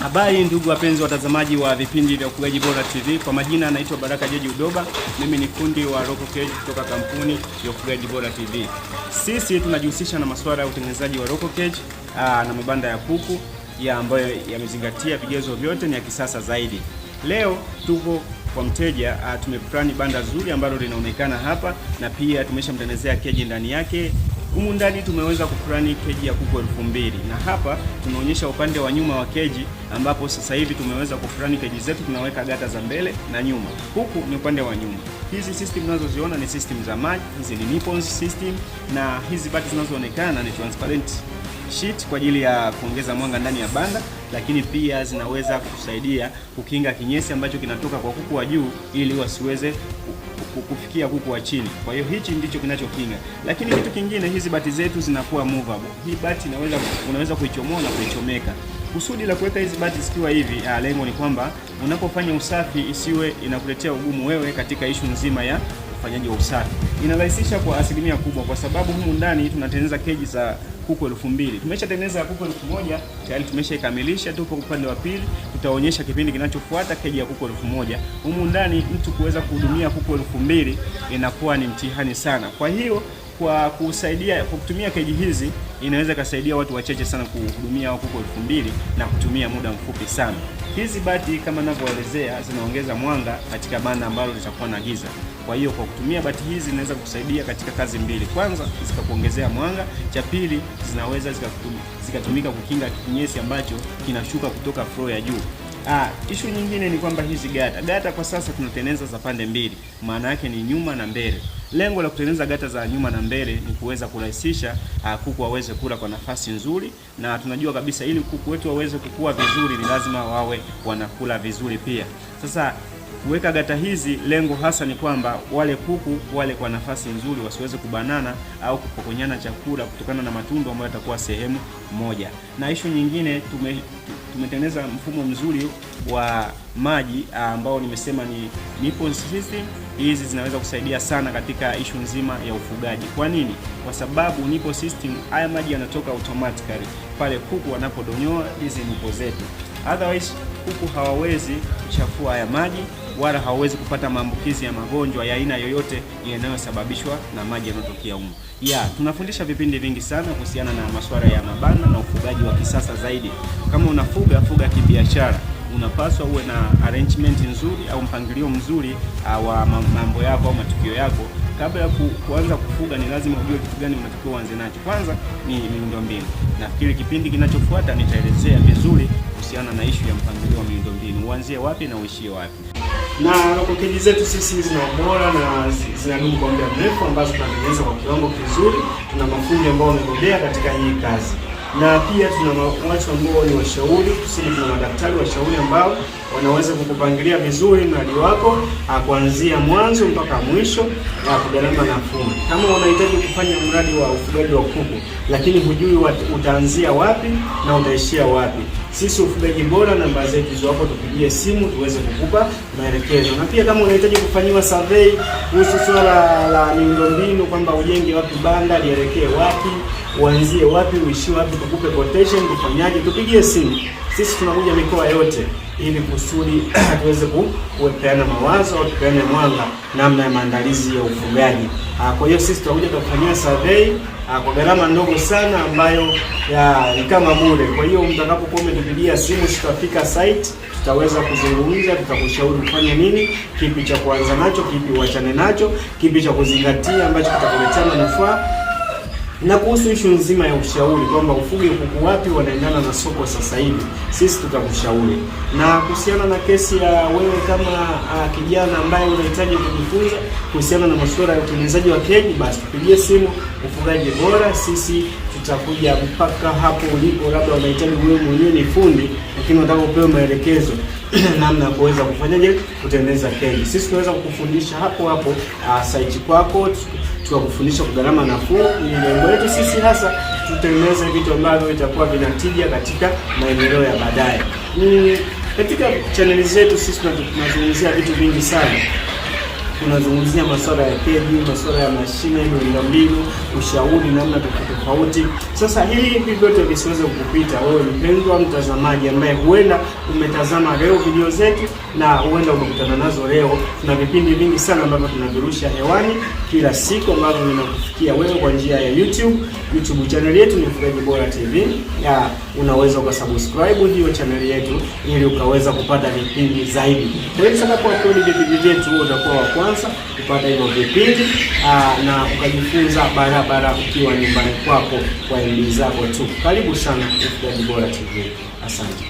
Habari ndugu wapenzi watazamaji wa vipindi vya ufugaji bora TV, kwa majina anaitwa Baraka Jeji Udoba. Mimi ni kundi wa Local Cage kutoka kampuni ya ufugaji bora TV. Sisi tunajihusisha na masuala ya utengenezaji wa Local Cage ah, na mabanda ya kuku ya ambayo yamezingatia vigezo vyote, ni ya kisasa zaidi. Leo tupo kwa mteja uh, tumeplani banda zuri ambalo linaonekana hapa na pia tumeshamtengenezea keji ndani yake Humu ndani tumeweza kuplani keji ya kuku elfu mbili na hapa tunaonyesha upande wa nyuma wa keji, ambapo sasa hivi tumeweza kuplani keji zetu, tunaweka gata za mbele na nyuma. Huku ni upande wa nyuma. Hizi system tunazoziona ni system za maji, hizi ni nipples system, na hizi bati zinazoonekana ni transparent sheet kwa ajili ya kuongeza mwanga ndani ya banda, lakini pia zinaweza kusaidia kukinga kinyesi ambacho kinatoka kwa kuku wa juu ili wasiweze kufikia huku wa chini. Kwa hiyo hichi ndicho kinachokinga, lakini kitu kingine, hizi bati zetu zinakuwa movable. Hii bati inaweza, unaweza kuichomoa na kuichomeka. Kusudi la kuweka hizi bati zikiwa hivi, ah, lengo ni kwamba unapofanya usafi isiwe inakuletea ugumu wewe katika ishu nzima ya ufanyaji wa usafi. Inarahisisha kwa asilimia kubwa, kwa sababu humu ndani tunatengeneza keji za kuku elfu mbili tumeshatengeneza ya kuku elfu moja tayari tumeshaikamilisha, tupo upande wa pili, tutaonyesha kipindi kinachofuata keji ya kuku elfu moja Humu ndani mtu kuweza kuhudumia kuku elfu mbili inakuwa ni mtihani sana, kwa hiyo kwa kusaidia kwa kutumia keji hizi inaweza ikasaidia watu wachache sana kuhudumia kuku elfu mbili na kutumia muda mfupi sana. Hizi bati kama ninavyoelezea zinaongeza mwanga katika banda ambalo litakuwa na giza. Kwa hiyo kwa kutumia bati hizi zinaweza kusaidia katika kazi mbili, kwanza zikakuongezea mwanga, cha pili zinaweza zikatumika kukinga kinyesi ambacho kinashuka kutoka floor ya juu. Ah, ishu nyingine ni kwamba hizi gata gata kwa sasa tunatengeneza za pande mbili, maana yake ni nyuma na mbele. Lengo la kutengeneza gata za nyuma na mbele ni kuweza kurahisisha ah, kuku waweze kula kwa nafasi nzuri, na tunajua kabisa ili kuku wetu waweze kukua vizuri ni lazima wawe wanakula vizuri pia. Sasa kuweka gata hizi, lengo hasa ni kwamba wale kuku wale kwa nafasi nzuri, wasiweze kubanana au kupokonyana chakula kutokana na matundu ambayo yatakuwa sehemu moja. Na ishu nyingine tume tumetengeneza mfumo mzuri wa maji ah, ambao nimesema ni Nippon system. Hizi zinaweza kusaidia sana katika ishu nzima ya ufugaji. Kwa nini? Kwa sababu nipo system, haya maji yanatoka automatically pale kuku wanapodonyoa hizi nipo zetu, otherwise kuku hawawezi kuchafua haya maji wala hawawezi kupata maambukizi ya magonjwa ya aina yoyote yanayosababishwa na maji yanayotokea humo. Ya, tunafundisha vipindi vingi sana kuhusiana na masuala ya mabanda na ufugaji wa kisasa zaidi. Kama unafuga fuga kibiashara, unapaswa uwe na arrangement nzuri au mpangilio mzuri uh, wa mambo yako au matukio yako kabla ya ku, kuanza kufuga ni lazima ujue kitu gani unatakiwa uanze nacho. Kwanza ni miundombinu. Nafikiri kipindi kinachofuata nitaelezea vizuri kuhusiana na ishu ya mpangilio wa miundombinu, uanzie wapi na uishie wapi na lokokeji zetu sisi zina ubora na zinadumu kwa muda mrefu, ambazo tunatengeneza kwa kiwango kizuri. Tuna mafundi ambao wamebobea katika hii kazi na pia tuna watu ambao ni washauri kusini, tuna madaktari washauri ambao wanaweza kukupangilia vizuri mradi wako ah, kuanzia mwanzo mpaka mwisho ah, kwa gharama nafuu. Kama unahitaji kufanya mradi wa ufugaji wa kuku, lakini hujui utaanzia wapi na utaishia wapi, sisi Ufugaji Bora namba zetu hizo hapo, tupigie simu tuweze kukupa maelekezo. Na pia kama unahitaji kufanyiwa survey kuhusu swala la miundombinu, kwamba ujenge wapi banda lielekee wapi uanzie wapi, uishie wapi, tukupe quotation, tufanyaje, tupigie simu. Sisi tunakuja mikoa yote ili kusudi tuweze kupeana mawazo au tupeane mwanga namna ya maandalizi ya ufugaji. Ah, kwa hiyo sisi tutakuja tukufanyia survey ah, kwa gharama ndogo sana ambayo ni kama bure. Kwa hiyo mtakapokuwa umetupigia simu, tutafika site, tutaweza kuzungumza, tutakushauri kufanya nini, kipi cha kuanza nacho, kipi uachane nacho, kipi cha kuzingatia ambacho kitakuletea manufaa na kuhusu ishu nzima ya ushauri kwamba ufuge kuku wapi, wanaendana na soko sasa hivi, sisi tutakushauri. Na kuhusiana na kesi ya wewe kama uh, kijana ambaye unahitaji kujifunza kuhusiana na masuala ya utengenezaji wa keki, basi tupigie simu Ufugaji Bora, sisi tutakuja mpaka hapo ulipo. Labda unahitaji wewe mwenyewe ni fundi, lakini unataka upewe maelekezo namna ya kuweza kufanyaje kutengeneza keki, sisi tunaweza kukufundisha hapo hapo uh, site kwako tukakufundisha kwa gharama nafuu, ili lengo letu sisi hasa tutengeneze vitu ambavyo vitakuwa vinatija katika maendeleo ya baadaye. Mm, katika chaneli zetu sisi tunazungumzia vitu vingi sana tunazungumzia masuala ya keji, masuala ya mashine, miundombinu, ushauri namna tofauti tofauti. Sasa hili hivi vyote visiweze kukupita wewe, mpendwa mtazamaji, ambaye huenda umetazama leo video zetu na huenda umekutana nazo leo. na vipindi vingi sana ambavyo tunavirusha hewani kila siku ambavyo vinakufikia wewe kwa njia ya YouTube. YouTube channel yetu ni Mfugaji Bora TV ya, unaweza ukasubscribe hiyo channel yetu ili ukaweza kupata vipindi zaidi. Kwa hiyo sana kwa kweli vipindi vyetu utakuwa wa Ufaransa kupata hivyo vipindi ah, na ukajifunza barabara ukiwa nyumbani kwako kwa elimu zako tu. Karibu sana Ufugaji Bora TV. Asante.